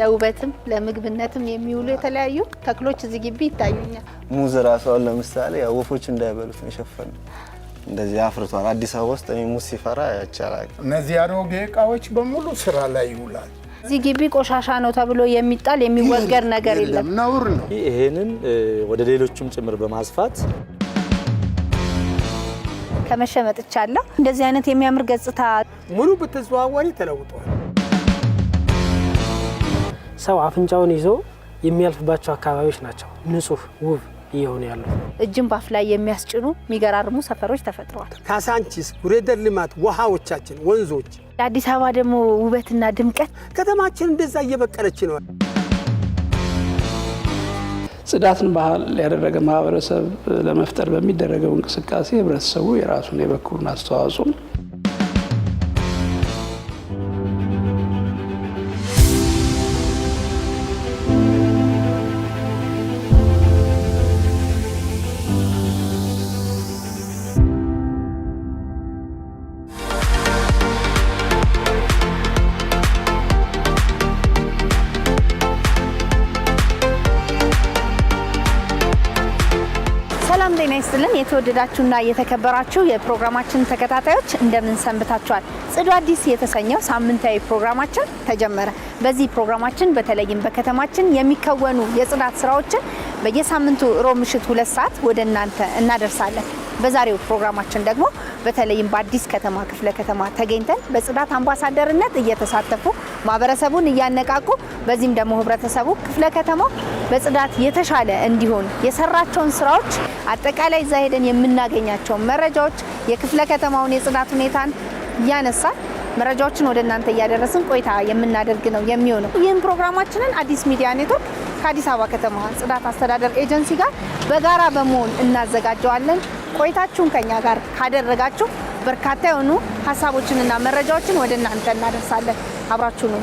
ለውበትም ለምግብነትም የሚውሉ የተለያዩ ተክሎች እዚህ ግቢ ይታዩኛል። ሙዝ ራሷን ለምሳሌ ያው ወፎች እንዳይበሉት የሸፈነ እንደዚህ አፍርቷል። አዲስ አበባ ውስጥ እኔ ሙዝ ሲፈራ ያቻላል። እነዚህ አሮጌ እቃዎች በሙሉ ስራ ላይ ይውላል። እዚህ ግቢ ቆሻሻ ነው ተብሎ የሚጣል የሚወገድ ነገር የለም፣ ነውር ነው። ይህንን ወደ ሌሎችም ጭምር በማስፋት ከመሸመጥቻለሁ። እንደዚህ አይነት የሚያምር ገጽታ ሙሉ ብትዘዋወሪ ተለውጧል። ሰው አፍንጫውን ይዞ የሚያልፍባቸው አካባቢዎች ናቸው ንጹህ ውብ እየሆኑ ያሉ። እጅን ባፍ ላይ የሚያስጭኑ የሚገራርሙ ሰፈሮች ተፈጥረዋል። ካሳንቺስ፣ ጉሬደር ልማት፣ ውሃዎቻችን፣ ወንዞች፣ አዲስ አበባ ደግሞ ውበትና ድምቀት። ከተማችን እንደዛ እየበቀለች ነው። ጽዳትን ባህል ያደረገ ማህበረሰብ ለመፍጠር በሚደረገው እንቅስቃሴ ህብረተሰቡ የራሱን የበኩሉን አስተዋጽኦ የተወደዳችሁና የተከበራችሁ የፕሮግራማችን ተከታታዮች እንደምን ሰንብታችኋል? ጽዱ አዲስ የተሰኘው ሳምንታዊ ፕሮግራማችን ተጀመረ። በዚህ ፕሮግራማችን በተለይም በከተማችን የሚከወኑ የጽዳት ስራዎችን በየሳምንቱ ሮብ ምሽት ሁለት ሰዓት ወደ እናንተ እናደርሳለን። በዛሬው ፕሮግራማችን ደግሞ በተለይም በአዲስ ከተማ ክፍለ ከተማ ተገኝተን በጽዳት አምባሳደርነት እየተሳተፉ ማህበረሰቡን እያነቃቁ በዚህም ደግሞ ህብረተሰቡ ክፍለ ከተማው በጽዳት የተሻለ እንዲሆን የሰራቸውን ስራዎች አጠቃላይ እዛ ሄደን የምናገኛቸውን መረጃዎች የክፍለ ከተማውን የጽዳት ሁኔታን እያነሳን መረጃዎችን ወደ እናንተ እያደረስን ቆይታ የምናደርግ ነው የሚሆነው። ይህም ፕሮግራማችንን አዲስ ሚዲያ ኔትወርክ ከአዲስ አበባ ከተማ ጽዳት አስተዳደር ኤጀንሲ ጋር በጋራ በመሆን እናዘጋጀዋለን። ቆይታችሁን ከኛ ጋር ካደረጋችሁ በርካታ የሆኑ ሀሳቦችንና መረጃዎችን ወደ እናንተ እናደርሳለን። አብራችሁ ነው።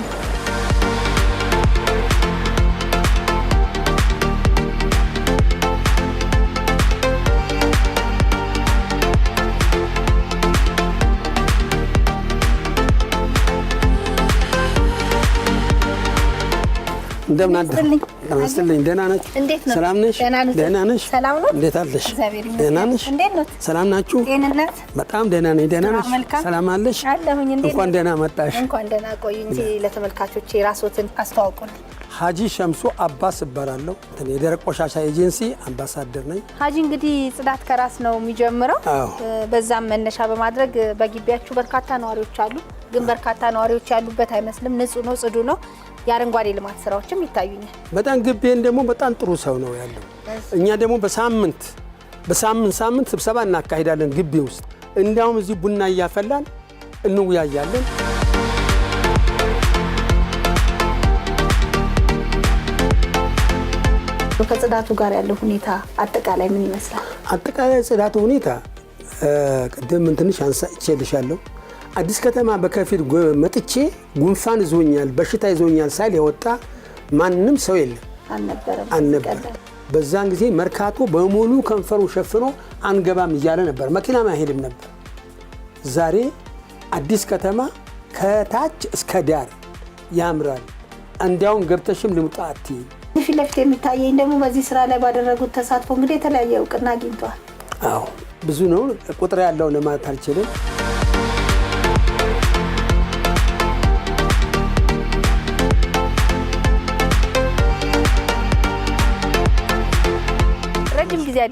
እንደምን አደሩ። ደህና ነች? ሰላም ነሽ? ደህና ነሽ? እንዴት አለሽ? ደህና ነሽ? ሰላም ናችሁ? በጣም ደህና ነኝ። ደህና ነሽ? ሰላም አለሽ? እንኳን ደህና መጣሽ። እንኳን ደህና ቆይ እንጂ ለተመልካቾች አስተዋውቁልኝ። ሀጂ ሸምሱ አባስ እባላለሁ። የደረቅ ቆሻሻ ኤጀንሲ አምባሳደር ነኝ። ሀጂ እንግዲህ ጽዳት ከራስ ነው የሚጀምረው። በዛም መነሻ በማድረግ በግቢያችሁ በርካታ ነዋሪዎች አሉ፣ ግን በርካታ ነዋሪዎች ያሉበት አይመስልም። ንጹህ ነው፣ ጽዱ ነው። የአረንጓዴ ልማት ስራዎችም ይታዩኛል። በጣም ግቤን ደግሞ በጣም ጥሩ ሰው ነው ያለው። እኛ ደግሞ በሳምንት በሳምንት ሳምንት ስብሰባ እናካሄዳለን ግቢ ውስጥ እንዲያውም እዚህ ቡና እያፈላን እንወያያለን። ከጽዳቱ ጋር ያለው ሁኔታ አጠቃላይ ምን ይመስላል? አጠቃላይ ጽዳቱ ሁኔታ ቅድም ትንሽ አንሳቼልሻለሁ። አዲስ ከተማ በከፊል መጥቼ ጉንፋን ይዞኛል፣ በሽታ ይዞኛል ሳይል የወጣ ማንም ሰው የለም አልነበረ። በዛን ጊዜ መርካቶ በሙሉ ከንፈሩ ሸፍኖ አንገባም እያለ ነበር፣ መኪናም አይሄድም ነበር። ዛሬ አዲስ ከተማ ከታች እስከ ዳር ያምራል። እንዲያውም ገብተሽም ልምጣ አትይ። ፊት ለፊት የሚታየኝ ደግሞ በዚህ ስራ ላይ ባደረጉት ተሳትፎ እንግዲህ የተለያየ እውቅና አግኝተዋል። አዎ ብዙ ነው፣ ቁጥር ያለው ለማለት አልችልም።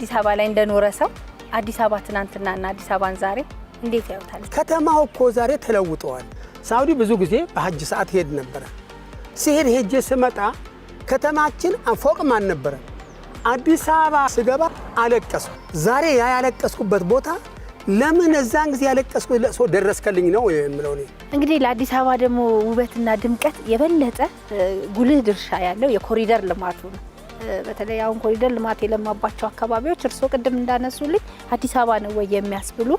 አዲስ አበባ ላይ እንደኖረ ሰው አዲስ አበባ ትናንትናና አዲስ አበባን ዛሬ እንዴት ያውታል? ከተማው እኮ ዛሬ ተለውጠዋል። ሳውዲ ብዙ ጊዜ በሀጅ ሰዓት ሄድ ነበረ። ሲሄድ ሄጄ ስመጣ ከተማችን ፎቅም አልነበረም። አዲስ አበባ ስገባ አለቀሱ። ዛሬ ያ ያለቀስኩበት ቦታ ለምን እዛን ጊዜ ያለቀስኩት ለቅሶ ደረስከልኝ ነው የምለው። እንግዲህ ለአዲስ አበባ ደግሞ ውበትና ድምቀት የበለጠ ጉልህ ድርሻ ያለው የኮሪደር ልማቱ ነው። በተለይ አሁን ኮሪደር ልማት የለማባቸው አካባቢዎች እርስዎ ቅድም እንዳነሱልኝ አዲስ አበባ ነው ወይ የሚያስብሉ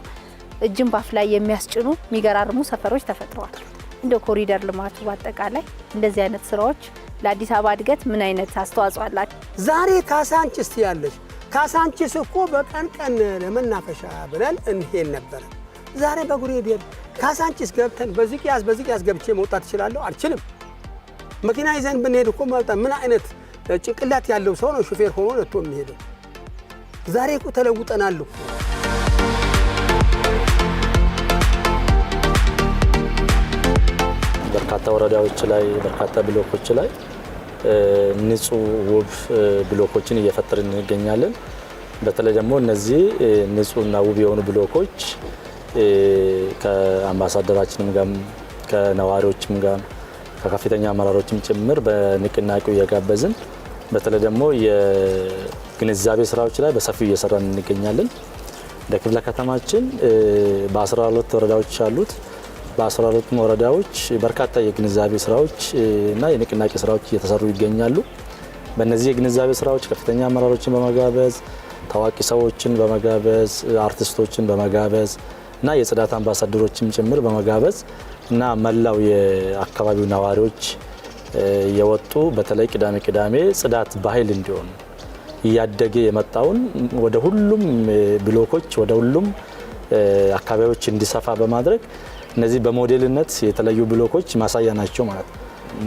እጅን ባፍ ላይ የሚያስጭኑ የሚገራርሙ ሰፈሮች ተፈጥረዋል። እንደ ኮሪደር ልማቱ በአጠቃላይ እንደዚህ አይነት ስራዎች ለአዲስ አበባ እድገት ምን አይነት አስተዋጽኦ አላቸው? ዛሬ ካሳንችስ ያለች ካሳንችስ እኮ በቀን ቀን ለመናፈሻ ብለን እንሄድ ነበረ። ዛሬ በጉሬ ቤት ካሳንችስ ገብተን በዚቅያስ በዚቅያስ ገብቼ መውጣት እችላለሁ? አልችልም። መኪና ይዘን ብንሄድ እኮ መውጣት ምን አይነት ጭንቅላት ያለው ሰው ነው ሹፌር ሆኖ ነቶ የሚሄደው። ዛሬ እኮ ተለውጠናል። በርካታ ወረዳዎች ላይ በርካታ ብሎኮች ላይ ንጹህ ውብ ብሎኮችን እየፈጠርን እንገኛለን። በተለይ ደግሞ እነዚህ ንጹህና ውብ የሆኑ ብሎኮች ከአምባሳደራችንም ጋር ከነዋሪዎችም ጋር ከከፍተኛ አመራሮችም ጭምር በንቅናቄው እየጋበዝን በተለይ ደግሞ የግንዛቤ ስራዎች ላይ በሰፊው እየሰራን እንገኛለን። እንደ ክፍለ ከተማችን በ12 ወረዳዎች አሉት። በ12 ወረዳዎች በርካታ የግንዛቤ ስራዎች እና የንቅናቄ ስራዎች እየተሰሩ ይገኛሉ። በእነዚህ የግንዛቤ ስራዎች ከፍተኛ አመራሮችን በመጋበዝ ታዋቂ ሰዎችን በመጋበዝ አርቲስቶችን በመጋበዝ እና የጽዳት አምባሳደሮችም ጭምር በመጋበዝ እና መላው የአካባቢው ነዋሪዎች የወጡ በተለይ ቅዳሜ ቅዳሜ ጽዳት ባህል እንዲሆን እያደገ የመጣውን ወደ ሁሉም ብሎኮች ወደ ሁሉም አካባቢዎች እንዲሰፋ በማድረግ እነዚህ በሞዴልነት የተለዩ ብሎኮች ማሳያ ናቸው ማለት ነው።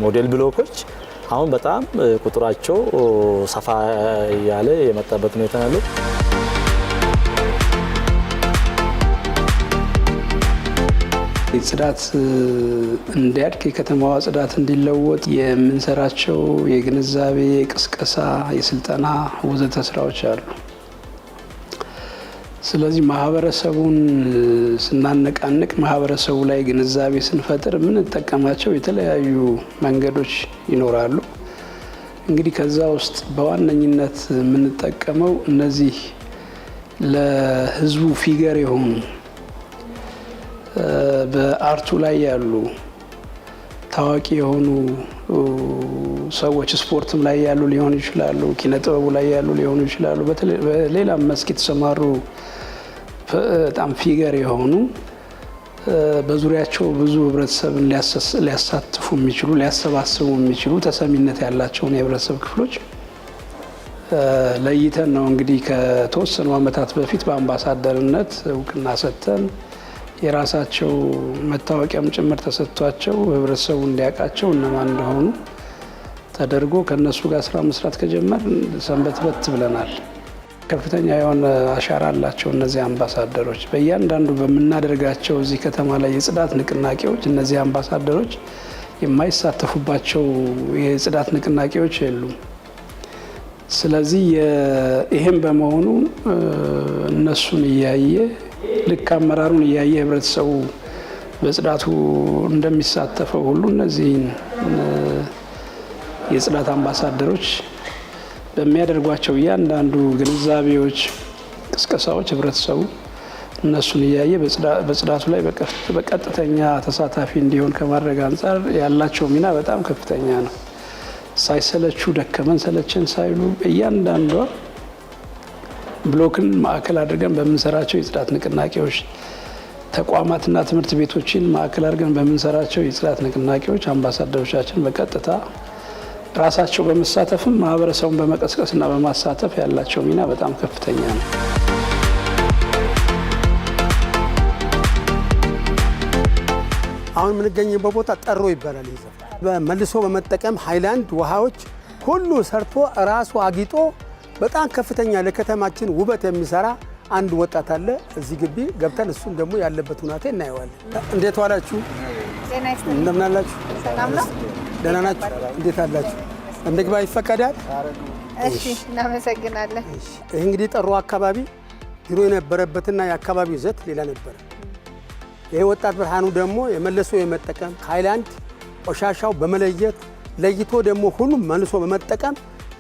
ሞዴል ብሎኮች አሁን በጣም ቁጥራቸው ሰፋ እያለ የመጣበት ሁኔታ ያለው ጽዳት እንዲያድግ የከተማዋ ጽዳት እንዲለወጥ የምንሰራቸው የግንዛቤ፣ የቅስቀሳ፣ የስልጠና ወዘተ ስራዎች አሉ። ስለዚህ ማህበረሰቡን ስናነቃንቅ ማህበረሰቡ ላይ ግንዛቤ ስንፈጥር የምንጠቀማቸው የተለያዩ መንገዶች ይኖራሉ። እንግዲህ ከዛ ውስጥ በዋነኝነት የምንጠቀመው እነዚህ ለህዝቡ ፊገር የሆኑ በአርቱ ላይ ያሉ ታዋቂ የሆኑ ሰዎች ስፖርትም ላይ ያሉ ሊሆኑ ይችላሉ፣ ኪነ ጥበቡ ላይ ያሉ ሊሆኑ ይችላሉ። በሌላም መስክ የተሰማሩ በጣም ፊገር የሆኑ በዙሪያቸው ብዙ ህብረተሰብን ሊያሳትፉ የሚችሉ ሊያሰባስቡ የሚችሉ ተሰሚነት ያላቸውን የህብረተሰብ ክፍሎች ለይተን ነው እንግዲህ ከተወሰኑ ዓመታት በፊት በአምባሳደርነት እውቅና ሰጥተን የራሳቸው መታወቂያም ጭምር ተሰጥቷቸው ህብረተሰቡ እንዲያውቃቸው እነማን እንደሆኑ ተደርጎ ከእነሱ ጋር ስራ መስራት ከጀመር በት ብለናል። ከፍተኛ የሆነ አሻራ አላቸው እነዚህ አምባሳደሮች። በእያንዳንዱ በምናደርጋቸው እዚህ ከተማ ላይ የጽዳት ንቅናቄዎች እነዚህ አምባሳደሮች የማይሳተፉባቸው የጽዳት ንቅናቄዎች የሉም። ስለዚህ ይህም በመሆኑ እነሱን እያየ ልክ አመራሩን እያየ ህብረተሰቡ በጽዳቱ እንደሚሳተፈው ሁሉ እነዚህን የጽዳት አምባሳደሮች በሚያደርጓቸው እያንዳንዱ ግንዛቤዎች፣ ቅስቀሳዎች ህብረተሰቡ እነሱን እያየ በጽዳቱ ላይ በቀጥተኛ ተሳታፊ እንዲሆን ከማድረግ አንጻር ያላቸው ሚና በጣም ከፍተኛ ነው። ሳይሰለቹ ደከመን ሰለችን ሳይሉ እያንዳንዷ ብሎክን ማዕከል አድርገን በምንሰራቸው የጽዳት ንቅናቄዎች ተቋማትና ትምህርት ቤቶችን ማዕከል አድርገን በምንሰራቸው የጽዳት ንቅናቄዎች አምባሳደሮቻችን በቀጥታ ራሳቸው በመሳተፍም ማህበረሰቡን በመቀስቀስና በማሳተፍ ያላቸው ሚና በጣም ከፍተኛ ነው። አሁን የምንገኝበት ቦታ ጠሮ ይባላል። ይዘ መልሶ በመጠቀም ሃይላንድ ውሃዎች ሁሉ ሰርቶ ራሱ አጊጦ በጣም ከፍተኛ ለከተማችን ውበት የሚሰራ አንድ ወጣት አለ እዚህ ግቢ ገብተን እሱን ደግሞ ያለበት ሁናቴ እናየዋለን። እንዴት ዋላችሁ? እንደምን አላችሁ? ደህና ናችሁ? እንዴት አላችሁ? እንግባ ይፈቀዳል? እሺ፣ እናመሰግናለን። ይህ እንግዲህ ጠሩ አካባቢ ድሮ የነበረበትና የአካባቢው ይዘት ሌላ ነበረ። ይህ ወጣት ብርሃኑ ደግሞ የመለሶ የመጠቀም ሃይላንድ ቆሻሻው በመለየት ለይቶ ደግሞ ሁሉም መልሶ በመጠቀም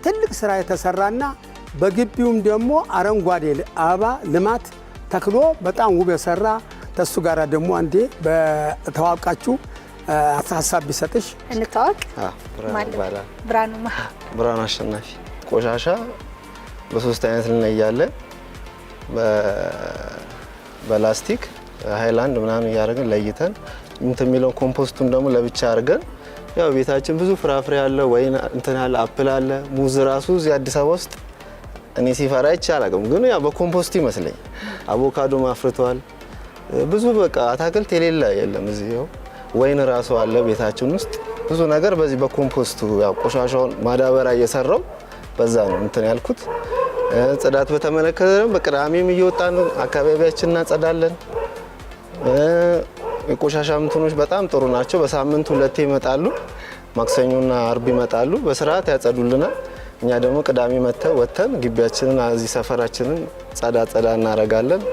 ትልቅ ስራ የተሰራና በግቢውም ደግሞ አረንጓዴ አበባ ልማት ተክሎ በጣም ውብ የሰራ ተሱ ጋር ደግሞ አንዴ በተዋወቃችሁ ሀሳብ ቢሰጥሽ እንታወቅ። ብርሃኑ አሸናፊ። ቆሻሻ በሶስት አይነት እንለያለን። በላስቲክ ሃይላንድ ምናምን እያደረግን ለይተን እንትን የሚለውን ኮምፖስቱን ደግሞ ለብቻ አድርገን ያው ቤታችን ብዙ ፍራፍሬ አለ፣ ወይን እንትን አለ፣ አፕል አለ፣ ሙዝ ራሱ እዚህ አዲስ አበባ ውስጥ እኔ ሲፈራ አይቻላቅም፣ ግን ያው በኮምፖስት ይመስለኝ አቮካዶ ማፍርቷል። ብዙ በቃ አታክልት የሌለ የለም እዚህ። ያው ወይን ራሱ አለ ቤታችን ውስጥ ብዙ ነገር በዚህ በኮምፖስቱ ያው ቆሻሻውን ማዳበሪያ እየሰራው በዛ ነው እንትን ያልኩት። ጽዳት በተመለከተ ደግሞ በቅዳሜም እየወጣን አካባቢያችን እናጸዳለን። የቆሻሻ ምትኖች በጣም ጥሩ ናቸው። በሳምንት ሁለቴ ይመጣሉ። ማክሰኞና አርብ ይመጣሉ። በስርዓት ያጸዱልናል። እኛ ደግሞ ቅዳሜ መጥተው ወጥተን ግቢያችንን እዚህ ሰፈራችንን ጸዳ ጸዳ እናረጋለን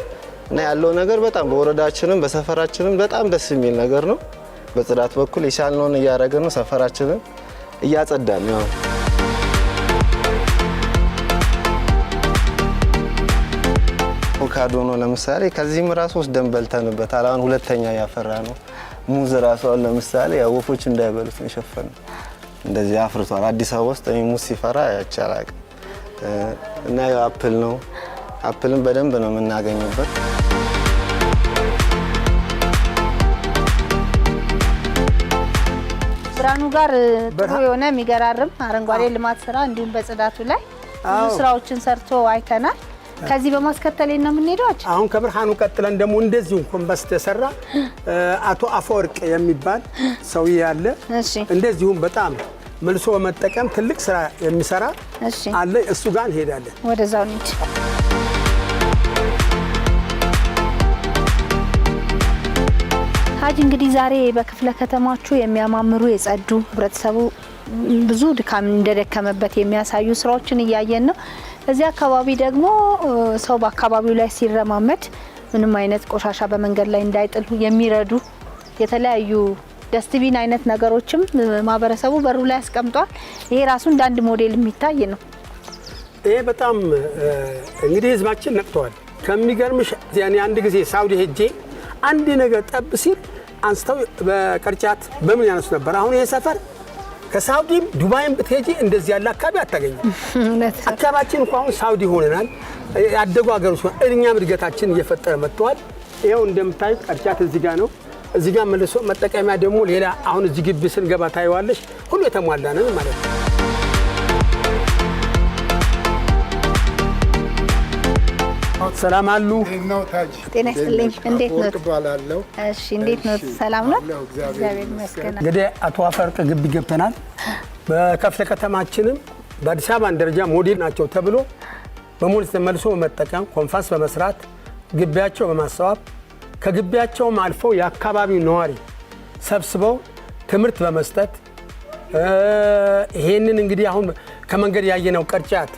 እና ያለው ነገር በጣም በወረዳችንም በሰፈራችንም በጣም ደስ የሚል ነገር ነው። በጽዳት በኩል የቻልነውን እያደረግን ነው። ሰፈራችንን እያጸዳን ነው። አቮካዶ ነው። ለምሳሌ ከዚህም ራሱ ወስደን በልተንበታል። አሁን ሁለተኛ ያፈራ ነው። ሙዝ ራሱ አሁን ለምሳሌ ያው ወፎች እንዳይበሉት ነው የሸፈነው። እንደዚህ አፍርቷል። አዲስ አበባ ውስጥ እኔ ሙዝ ሲፈራ ያቻላቅ እና ያው አፕል ነው። አፕልን በደንብ ነው የምናገኝበት። ብርሃኑ ጋር ጥሩ የሆነ የሚገራርም አረንጓዴ ልማት ስራ እንዲሁም በጽዳቱ ላይ ብዙ ስራዎችን ሰርቶ አይተናል። ከዚህ በማስከተል ነው የምንሄደው። አሁን ከብርሃኑ ቀጥለን ደግሞ እንደዚሁ ኮምበስ ተሰራ አቶ አፈወርቅ የሚባል ሰውዬ ያለ እንደዚሁም በጣም መልሶ በመጠቀም ትልቅ ስራ የሚሰራ አለ። እሱ ጋር እንሄዳለን። ወደዛው እንሂድ። ሀጅ እንግዲህ ዛሬ በክፍለ ከተማችሁ የሚያማምሩ የጸዱ ህብረተሰቡ ብዙ ድካም እንደደከመበት የሚያሳዩ ስራዎችን እያየን ነው። እዚህ አካባቢ ደግሞ ሰው በአካባቢው ላይ ሲረማመድ ምንም አይነት ቆሻሻ በመንገድ ላይ እንዳይጥሉ የሚረዱ የተለያዩ ደስትቢን አይነት ነገሮችም ማህበረሰቡ በሩ ላይ ያስቀምጧል። ይሄ ራሱ እንደ አንድ ሞዴል የሚታይ ነው። ይሄ በጣም እንግዲህ ህዝባችን ነቅተዋል። ከሚገርምሽ ያኔ አንድ ጊዜ ሳውዲ ሄጄ አንድ ነገር ጠብ ሲል አንስተው በቅርጫት በምን ያነሱ ነበር። አሁን ይሄ ሰፈር ከሳውዲም ዱባይም ብትሄጂ እንደዚህ ያለ አካባቢ አታገኝም። አካባቢያችን እንኳ አሁን ሳውዲ ሆነናል፣ ያደጉ ሀገሮች እኛም እድገታችን እየፈጠረ መጥተዋል። ይኸው እንደምታዩት ቅርጫት እዚህ ጋር ነው። እዚህ ጋር መልሶ መጠቀሚያ ደግሞ ሌላ አሁን እዚህ ግቢ ስንገባ ታየዋለሽ። ሁሉ የተሟላ ነን ማለት ነው። ሰላም አሉ። ጤና ይስጥልኝ። እንዴት ነው? እሺ፣ እንዴት ነው? ሰላም ነው። እግዚአብሔር ይመስገን። እንግዲህ አቶ አፈወርቅ ግቢ ገብተናል። በክፍለ ከተማችንም በአዲስ አበባን ደረጃ ሞዴል ናቸው ተብሎ በሙሉ ተመልሶ በመጠቀም ኮንፋንስ በመስራት ግቢያቸው በማስተዋብ ከግቢያቸውም አልፈው የአካባቢው ነዋሪ ሰብስበው ትምህርት በመስጠት ይሄንን እንግዲህ አሁን ከመንገድ ያየነው ቅርጫት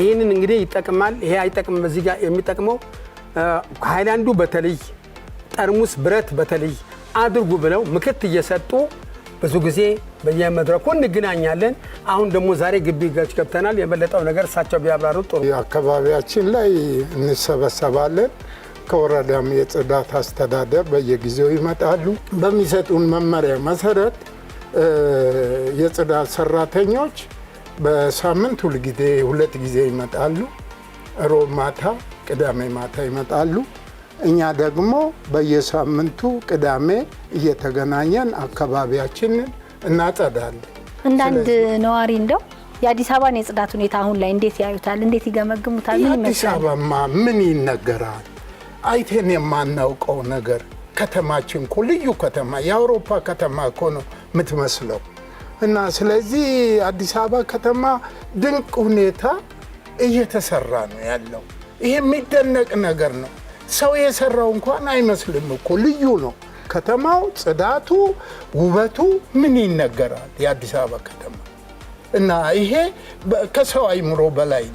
ይህንን እንግዲህ ይጠቅማል፣ ይሄ አይጠቅም። በዚህ ጋር የሚጠቅመው ሃይላንዱ በተለይ ጠርሙስ ብረት በተለይ አድርጉ ብለው ምክት እየሰጡ ብዙ ጊዜ በየመድረኩ እንገናኛለን። አሁን ደግሞ ዛሬ ግቢ ገጭ ገብተናል። የበለጠው ነገር እሳቸው ቢያብራሩ ጥሩ። አካባቢያችን ላይ እንሰበሰባለን። ከወረዳም የጽዳት አስተዳደር በየጊዜው ይመጣሉ። በሚሰጡን መመሪያ መሰረት የጽዳት ሰራተኞች በሳምንት ሁልጊዜ ሁለት ጊዜ ይመጣሉ። ሮብ ማታ፣ ቅዳሜ ማታ ይመጣሉ። እኛ ደግሞ በየሳምንቱ ቅዳሜ እየተገናኘን አካባቢያችንን እናጸዳለን። እንዳንድ ነዋሪ እንደው የአዲስ አበባን የጽዳት ሁኔታ አሁን ላይ እንዴት ያዩታል? እንዴት ይገመግሙታል? የአዲስ አበባማ ምን ይነገራል? አይቴን የማናውቀው ነገር ከተማችን እኮ ልዩ ከተማ የአውሮፓ ከተማ እኮ ነው የምትመስለው። እና ስለዚህ አዲስ አበባ ከተማ ድንቅ ሁኔታ እየተሰራ ነው ያለው። ይሄ የሚደነቅ ነገር ነው። ሰው የሰራው እንኳን አይመስልም እኮ ልዩ ነው። ከተማው ጽዳቱ፣ ውበቱ ምን ይነገራል? የአዲስ አበባ ከተማ እና ይሄ ከሰው አይምሮ በላይ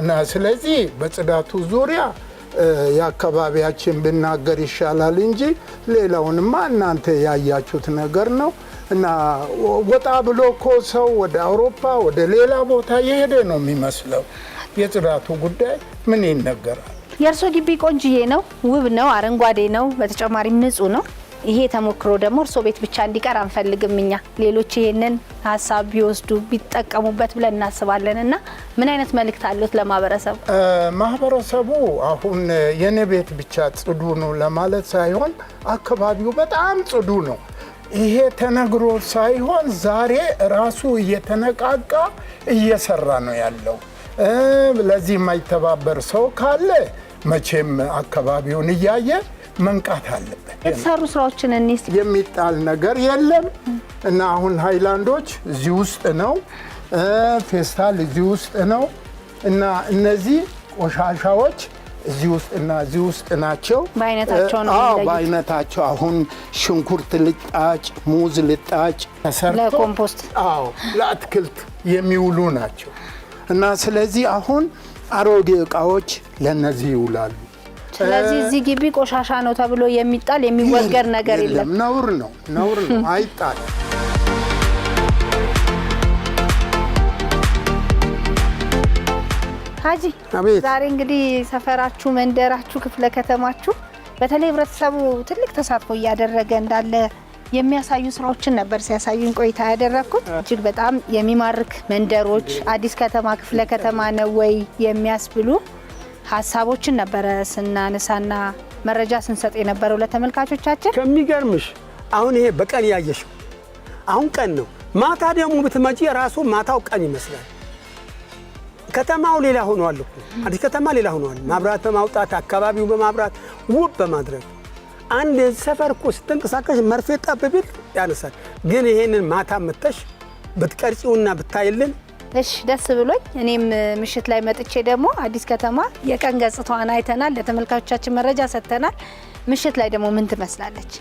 እና ስለዚህ በጽዳቱ ዙሪያ የአካባቢያችን ብናገር ይሻላል እንጂ ሌላውንማ እናንተ ያያችሁት ነገር ነው። እና ወጣ ብሎ እኮ ሰው ወደ አውሮፓ ወደ ሌላ ቦታ የሄደ ነው የሚመስለው። የጽዳቱ ጉዳይ ምን ይነገራል? የእርሶ ግቢ ቆንጅዬ ነው፣ ውብ ነው፣ አረንጓዴ ነው፣ በተጨማሪም ንጹህ ነው። ይሄ ተሞክሮ ደግሞ እርሶ ቤት ብቻ እንዲቀር አንፈልግም እኛ። ሌሎች ይሄንን ሀሳብ ቢወስዱ ቢጠቀሙበት ብለን እናስባለን። እና ምን አይነት መልእክት አሉት ለማህበረሰቡ? ማህበረሰቡ አሁን የኔ ቤት ብቻ ጽዱ ነው ለማለት ሳይሆን አካባቢው በጣም ጽዱ ነው። ይሄ ተነግሮ ሳይሆን ዛሬ ራሱ እየተነቃቃ እየሰራ ነው ያለው። ለዚህ የማይተባበር ሰው ካለ መቼም አካባቢውን እያየ መንቃት አለበት። የተሰሩ ስራዎችን እኒስ የሚጣል ነገር የለም እና አሁን ሃይላንዶች እዚህ ውስጥ ነው፣ ፌስታል እዚህ ውስጥ ነው እና እነዚህ ቆሻሻዎች እዚህ ውስጥ እና እዚህ ውስጥ ናቸው። በአይነታቸው ነው በአይነታቸው። አሁን ሽንኩርት ልጣጭ፣ ሙዝ ልጣጭ ተሰርቶ ለኮምፖስት፣ አዎ ለአትክልት የሚውሉ ናቸው እና ስለዚህ አሁን አሮጌ እቃዎች ለእነዚህ ይውላሉ። ስለዚህ እዚህ ግቢ ቆሻሻ ነው ተብሎ የሚጣል የሚወገድ ነገር የለም። ነውር ነው፣ ነውር ነው፣ አይጣልም። ሀጂ ዛሬ እንግዲህ ሰፈራችሁ፣ መንደራችሁ፣ ክፍለ ከተማችሁ በተለይ ህብረተሰቡ ትልቅ ተሳትፎ እያደረገ እንዳለ የሚያሳዩ ስራዎችን ነበር ሲያሳዩን ቆይታ ያደረግኩት። እጅግ በጣም የሚማርክ መንደሮች አዲስ ከተማ ክፍለ ከተማ ነው ወይ የሚያስብሉ ሀሳቦችን ነበረ ስናነሳና መረጃ ስንሰጥ የነበረው ለተመልካቾቻችን። ከሚገርምሽ አሁን ይሄ በቀን ያየሽው አሁን ቀን ነው። ማታ ደግሞ ብትመጪ ራሱ ማታው ቀን ይመስላል። ከተማው ሌላ ሆኗል እኮ አዲስ ከተማ ሌላ ሆኗል። ማብራት በማውጣት አካባቢው በማብራት ውብ በማድረግ አንድ ሰፈር እኮ ስትንቀሳቀሽ መርፌ ጣብ ቢል ያነሳል። ግን ይሄንን ማታ መተሽ ብትቀርጪውና ብታይልን እሺ ደስ ብሎኝ እኔም ምሽት ላይ መጥቼ ደግሞ አዲስ ከተማ የቀን ገጽታዋን አይተናል፣ ለተመልካቾቻችን መረጃ ሰጥተናል። ምሽት ላይ ደግሞ ምን ትመስላለች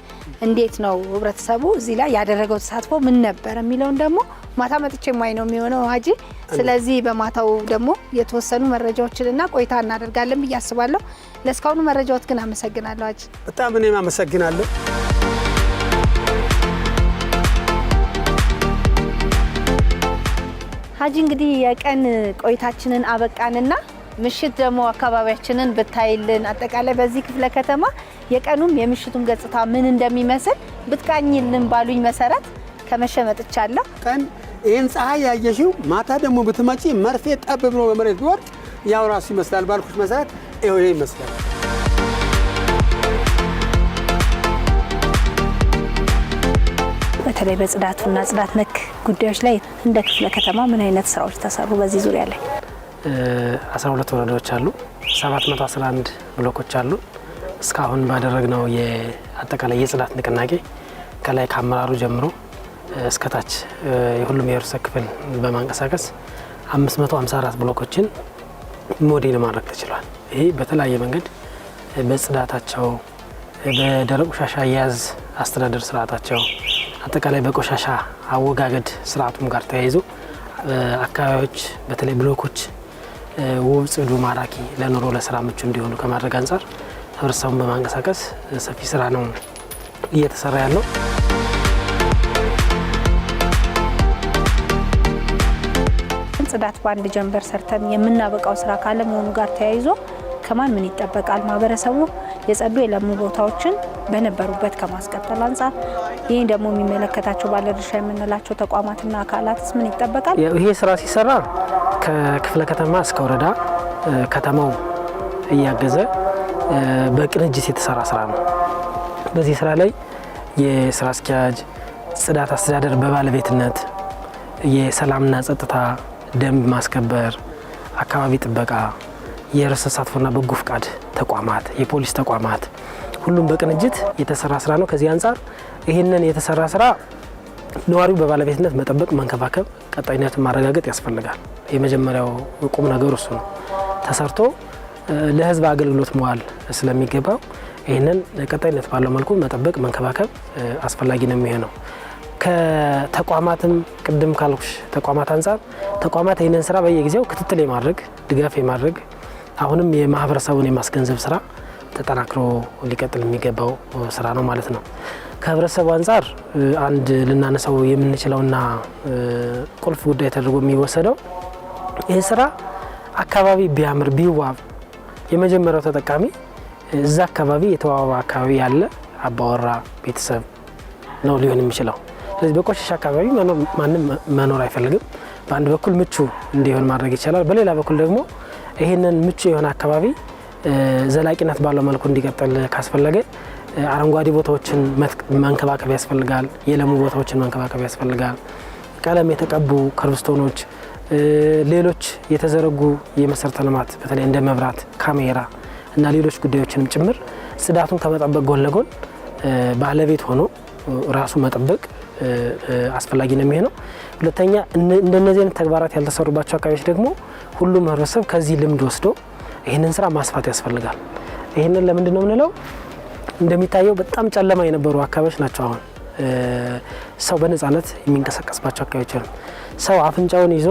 እንዴት ነው ህብረተሰቡ እዚህ ላይ ያደረገው ተሳትፎ ምን ነበር የሚለውን ደግሞ ማታ መጥቼ ማይ ነው የሚሆነው ሀጂ። ስለዚህ በማታው ደግሞ የተወሰኑ መረጃዎችንና ቆይታ እናደርጋለን ብዬ አስባለሁ። ለእስካሁኑ መረጃዎት ግን አመሰግናለሁ ሀጂ። በጣም እኔም አመሰግናለሁ። ሀጂ እንግዲህ የቀን ቆይታችንን አበቃንና ምሽት ደግሞ አካባቢያችንን ብታይልን አጠቃላይ በዚህ ክፍለ ከተማ የቀኑም የምሽቱም ገጽታ ምን እንደሚመስል ብትቃኝልን ባሉኝ መሰረት ከመሸመጥቻለሁ። ቀን ይህን ፀሐይ ያየሽው ማታ ደግሞ ብትመጪ መርፌ ጠብ ብሎ በመሬት ቢወርድ ያው ራሱ ይመስላል ባልኩሽ መሰረት ይሄ ይመስላል። በተለይ በጽዳቱና ጽዳት ነክ ጉዳዮች ላይ እንደ ክፍለ ከተማ ምን አይነት ስራዎች ተሰሩ በዚህ ዙሪያ ላይ 12 ወረዳዎች አሉ፣ 711 ብሎኮች አሉ። እስካሁን ባደረግነው የአጠቃላይ የጽዳት ንቅናቄ ከላይ ከአመራሩ ጀምሮ እስከታች የሁሉም የርሰ ክፍል በማንቀሳቀስ 554 ብሎኮችን ሞዴል ማድረግ ተችሏል። ይህ በተለያየ መንገድ በጽዳታቸው፣ በደረቅ ቆሻሻ አያያዝ አስተዳደር ስርዓታቸው፣ አጠቃላይ በቆሻሻ አወጋገድ ስርዓቱም ጋር ተያይዞ አካባቢዎች በተለይ ብሎኮች ውብ፣ ጽዱ፣ ማራኪ ለኑሮ ለስራ ምቹ እንዲሆኑ ከማድረግ አንጻር ህብረተሰቡን በማንቀሳቀስ ሰፊ ስራ ነው እየተሰራ ያለው። ጽዳት በአንድ ጀንበር ሰርተን የምናበቃው ስራ ካለመሆኑ ጋር ተያይዞ ከማን ምን ይጠበቃል? ማህበረሰቡ የጸዱ የለሙ ቦታዎችን በነበሩበት ከማስቀጠል አንጻር ይህ ደግሞ የሚመለከታቸው ባለድርሻ የምንላቸው ተቋማትና አካላትስ ምን ይጠበቃል? ይሄ ስራ ሲሰራ ከክፍለ ከተማ እስከ ወረዳ ከተማው እያገዘ በቅንጅት የተሰራ ስራ ነው። በዚህ ስራ ላይ የስራ አስኪያጅ ጽዳት አስተዳደር በባለቤትነት የሰላምና ጸጥታ ደንብ ማስከበር፣ አካባቢ ጥበቃ የህብረት ተሳትፎና በጎ ፍቃድ ተቋማት፣ የፖሊስ ተቋማት ሁሉም በቅንጅት የተሰራ ስራ ነው። ከዚህ አንጻር ይህንን የተሰራ ስራ ነዋሪው በባለቤትነት መጠበቅ፣ መንከባከብ፣ ቀጣይነትን ማረጋገጥ ያስፈልጋል። የመጀመሪያው ቁም ነገር እሱ ነው። ተሰርቶ ለህዝብ አገልግሎት መዋል ስለሚገባው ይህንን ቀጣይነት ባለው መልኩ መጠበቅ፣ መንከባከብ አስፈላጊ ነው የሚሆነው። ከተቋማትም ቅድም ካልኩሽ ተቋማት አንጻር ተቋማት ይህንን ስራ በየጊዜው ክትትል የማድረግ ድጋፍ የማድረግ አሁንም የማህበረሰቡን የማስገንዘብ ስራ ተጠናክሮ ሊቀጥል የሚገባው ስራ ነው ማለት ነው። ከህብረተሰቡ አንጻር አንድ ልናነሳው የምንችለውና ቁልፍ ጉዳይ ተደርጎ የሚወሰደው ይህ ስራ አካባቢ ቢያምር ቢዋብ የመጀመሪያው ተጠቃሚ እዛ አካባቢ የተዋበ አካባቢ ያለ አባወራ ቤተሰብ ነው ሊሆን የሚችለው። ስለዚህ በቆሻሻ አካባቢ ማንም መኖር አይፈልግም። በአንድ በኩል ምቹ እንዲሆን ማድረግ ይቻላል። በሌላ በኩል ደግሞ ይህንን ምቹ የሆነ አካባቢ ዘላቂነት ባለው መልኩ እንዲቀጥል ካስፈለገ አረንጓዴ ቦታዎችን መንከባከብ ያስፈልጋል። የለሙ ቦታዎችን መንከባከብ ያስፈልጋል። ቀለም የተቀቡ ከርብስቶኖች፣ ሌሎች የተዘረጉ የመሰረተ ልማት በተለይ እንደ መብራት፣ ካሜራ እና ሌሎች ጉዳዮችንም ጭምር ጽዳቱን ከመጠበቅ ጎን ለጎን ባለቤት ሆኖ ራሱ መጠበቅ አስፈላጊ ነው የሚሆነው። ሁለተኛ እንደነዚህ አይነት ተግባራት ያልተሰሩባቸው አካባቢዎች ደግሞ ሁሉም ህብረተሰብ ከዚህ ልምድ ወስዶ ይህንን ስራ ማስፋት ያስፈልጋል። ይህንን ለምንድን ነው የምንለው? እንደሚታየው በጣም ጨለማ የነበሩ አካባቢዎች ናቸው አሁን ሰው በነጻነት የሚንቀሳቀስባቸው አካባቢዎች ነው። ሰው አፍንጫውን ይዞ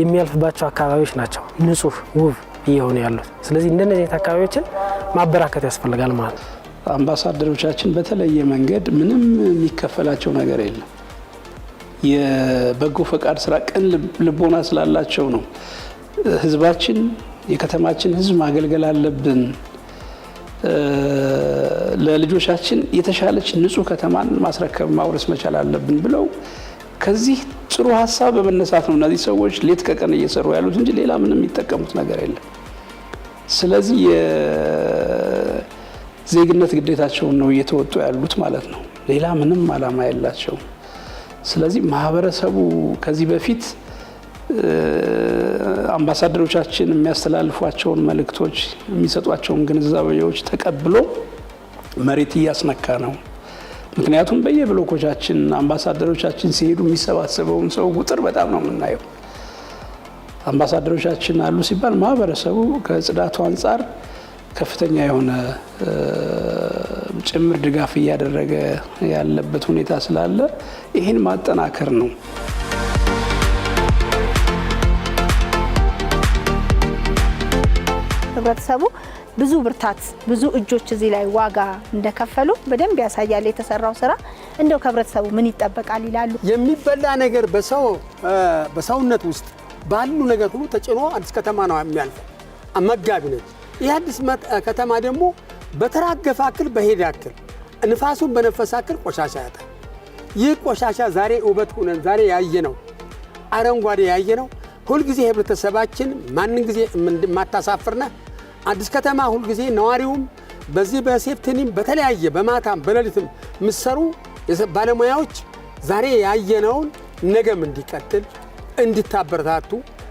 የሚያልፍባቸው አካባቢዎች ናቸው ንጹህ ውብ እየሆኑ ያሉት። ስለዚህ እንደነዚህ አይነት አካባቢዎችን ማበራከት ያስፈልጋል ማለት ነው። አምባሳደሮቻችን በተለየ መንገድ ምንም የሚከፈላቸው ነገር የለም። የበጎ ፈቃድ ስራ ቅን ልቦና ስላላቸው ነው። ህዝባችን፣ የከተማችን ህዝብ ማገልገል አለብን። ለልጆቻችን የተሻለች ንጹህ ከተማን ማስረከብ ማውረስ መቻል አለብን ብለው ከዚህ ጥሩ ሀሳብ በመነሳት ነው እነዚህ ሰዎች ሌት ከቀን እየሰሩ ያሉት እንጂ ሌላ ምንም የሚጠቀሙት ነገር የለም። ስለዚህ ዜግነት ግዴታቸውን ነው እየተወጡ ያሉት ማለት ነው። ሌላ ምንም ዓላማ የላቸው። ስለዚህ ማህበረሰቡ ከዚህ በፊት አምባሳደሮቻችን የሚያስተላልፏቸውን መልእክቶች፣ የሚሰጧቸውን ግንዛቤዎች ተቀብሎ መሬት እያስነካ ነው። ምክንያቱም በየብሎኮቻችን አምባሳደሮቻችን ሲሄዱ የሚሰባሰበውን ሰው ቁጥር በጣም ነው የምናየው። አምባሳደሮቻችን አሉ ሲባል ማህበረሰቡ ከጽዳቱ አንጻር ከፍተኛ የሆነ ጭምር ድጋፍ እያደረገ ያለበት ሁኔታ ስላለ ይህን ማጠናከር ነው። ህብረተሰቡ ብዙ ብርታት፣ ብዙ እጆች እዚህ ላይ ዋጋ እንደከፈሉ በደንብ ያሳያል የተሰራው ስራ። እንደው ከህብረተሰቡ ምን ይጠበቃል ይላሉ? የሚበላ ነገር በሰውነት ውስጥ ባሉ ነገር ሁሉ ተጭኖ አዲስ ከተማ ነው የሚያልፈው። መጋቢ ነች ይህ አዲስ ከተማ ደግሞ በተራገፈ አክል በሄደ አክል ንፋሱን በነፈሰ አክል ቆሻሻ ያጣል። ይህ ቆሻሻ ዛሬ ውበት ሁነን ዛሬ ያየ ነው፣ አረንጓዴ ያየ ነው። ሁልጊዜ ህብረተሰባችን ማንን ጊዜ የማታሳፍርና አዲስ ከተማ ሁልጊዜ ነዋሪውም በዚህ በሴፍትኒም በተለያየ በማታም በሌሊትም ምሰሩ ባለሙያዎች ዛሬ ያየነውን ነገም እንዲቀጥል እንድታበረታቱ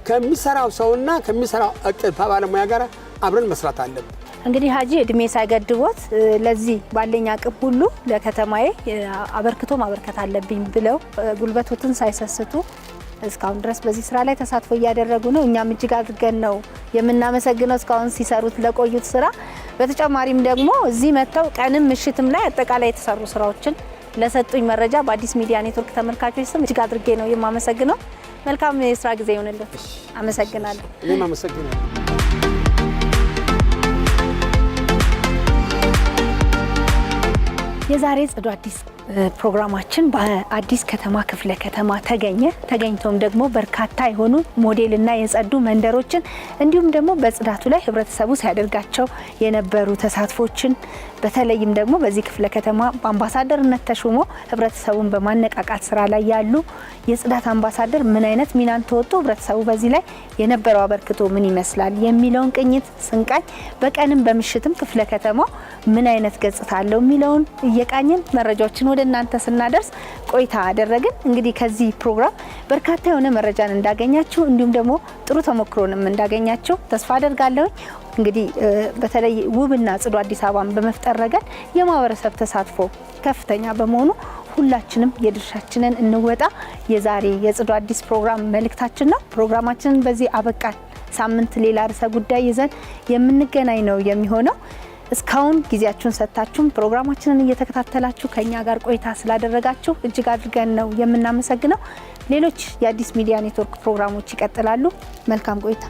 ከሚሰራው ሰውና ከሚሰራው እቅድ ባለሙያ ጋር አብረን መስራት አለብን። እንግዲህ ሀጂ እድሜ ሳይገድቦት ለዚህ ባለኝ አቅም ሁሉ ለከተማዬ አበርክቶ ማበርከት አለብኝ ብለው ጉልበቶትን ሳይሰስቱ እስካሁን ድረስ በዚህ ስራ ላይ ተሳትፎ እያደረጉ ነው። እኛም እጅግ አድርገን ነው የምናመሰግነው እስካሁን ሲሰሩት ለቆዩት ስራ። በተጨማሪም ደግሞ እዚህ መጥተው ቀንም ምሽትም ላይ አጠቃላይ የተሰሩ ስራዎችን ለሰጡኝ መረጃ በአዲስ ሚዲያ ኔትወርክ ተመልካቾች ስም እጅግ አድርጌ ነው የማመሰግነው። መልካም የስራ ጊዜ ይሆንልን። አመሰግናለሁ። እኔም አመሰግናለሁ። የዛሬ ጽዱ አዲስ ፕሮግራማችን በአዲስ ከተማ ክፍለ ከተማ ተገኘ። ተገኝቶም ደግሞ በርካታ የሆኑ ሞዴልና የጸዱ መንደሮችን እንዲሁም ደግሞ በጽዳቱ ላይ ህብረተሰቡ ሲያደርጋቸው የነበሩ ተሳትፎችን በተለይም ደግሞ በዚህ ክፍለ ከተማ በአምባሳደርነት ተሹሞ ህብረተሰቡን በማነቃቃት ስራ ላይ ያሉ የጽዳት አምባሳደር ምን አይነት ሚናን ተወጡ፣ ህብረተሰቡ በዚህ ላይ የነበረው አበርክቶ ምን ይመስላል የሚለውን ቅኝት ስንቃኝ በቀንም በምሽትም ክፍለ ከተማው ምን አይነት ገጽታ አለው የሚለውን እየቃኘን መረጃዎችን ወደ እናንተ ስናደርስ ቆይታ አደረግን። እንግዲህ ከዚህ ፕሮግራም በርካታ የሆነ መረጃን እንዳገኛችሁ እንዲሁም ደግሞ ጥሩ ተሞክሮንም እንዳገኛችሁ ተስፋ አደርጋለሁ። እንግዲህ በተለይ ውብና ጽዱ አዲስ አበባን በመፍጠር ረገድ የማህበረሰብ ተሳትፎ ከፍተኛ በመሆኑ ሁላችንም የድርሻችንን እንወጣ የዛሬ የጽዱ አዲስ ፕሮግራም መልእክታችን ነው። ፕሮግራማችንን በዚህ አበቃል። ሳምንት ሌላ ርዕሰ ጉዳይ ይዘን የምንገናኝ ነው የሚሆነው። እስካሁን ጊዜያችሁን ሰጥታችሁም ፕሮግራማችንን እየተከታተላችሁ ከኛ ጋር ቆይታ ስላደረጋችሁ እጅግ አድርገን ነው የምናመሰግነው። ሌሎች የአዲስ ሚዲያ ኔትወርክ ፕሮግራሞች ይቀጥላሉ። መልካም ቆይታ